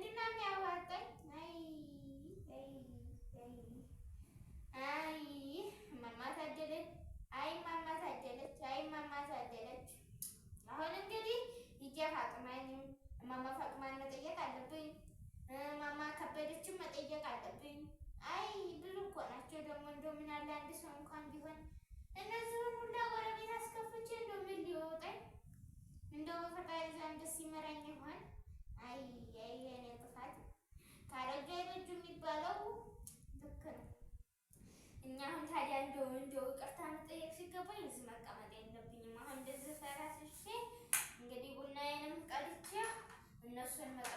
ምንድነው የሚያዋጣኝ? አይ አይ እማማ ታደለች፣ አይ እማማ ታደለች፣ አይ እማማ ታደለች። አሁን እንግዲህ ሂጄ ፋጥማን እማማ ፋጥማን መጠየቅ አለብኝ። እማማ ከበደችን መጠየቅ አለብኝ። አይ ብዙ እኮ ናቸው ደግሞ እንደው ምን አለ አንድ ሰው እንኳን ቢሆን እነዚህን ሁላ ጎረቤት አስከፍቼ አሁን ታዲያ እንደው እንደው ይቅርታ መጠየቅ ሲገባኝ እዚህ መቀመጥ የለብኝም። አሁን እንደዚህ ፈራስሼ እንግዲህ ቡናዬንም ቀልቼ እነሱን